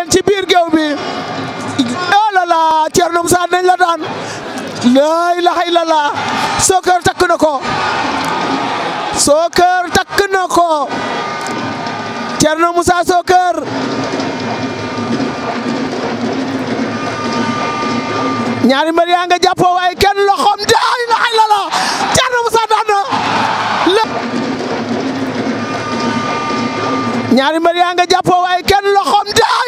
leen ci biir géew bi alala oh Thierno Moussa nañ la daan la ilaha illallah Sokër takk na ko Sokër takk na ko Thierno Moussa Sokër ñaari mbër nga jàppoo waaye kenn loxoom de ay la ay la la daan na ñaari mariyaa yaa nga jàppoo waaye kenn loxoom de